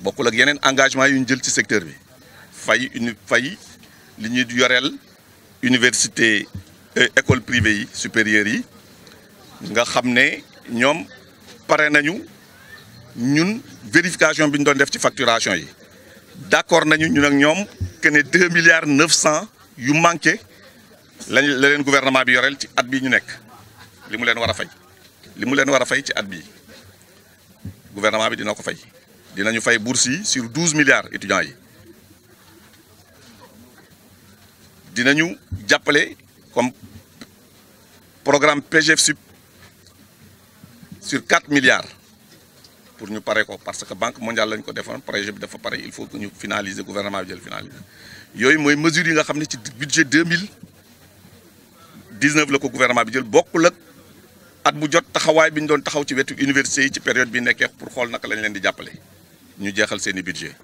Boko la genen, angajman yon djel ti sektèr bi. Faye, liniye di yorel, universite, ekol prive yi, superyèri, nga khamne, nyom, pare nan yon, nyon, verifikasyon bin don def ti fakturasyon yi. Dakor nan yon, nyon, kene 2 milyar 900, yon manke, Le gouvernement a fay limu leen gouvernement sur 12 milliards étudiants yi dinañu jappalé comme programme PGF sur 4 milliards pour ñu parce que banque mondiale lañ ko projet il faut que ñu finaliser gouvernement bi jël mesure yi budget 2000 19 la ko gouvernement bi jël bokkul ak at bu jot taxawaay bi ñu doon taxaw ci wetu université yi ci période bi nekkee pour xool naka lañ leen di jàppale ñu jeexal seen i budget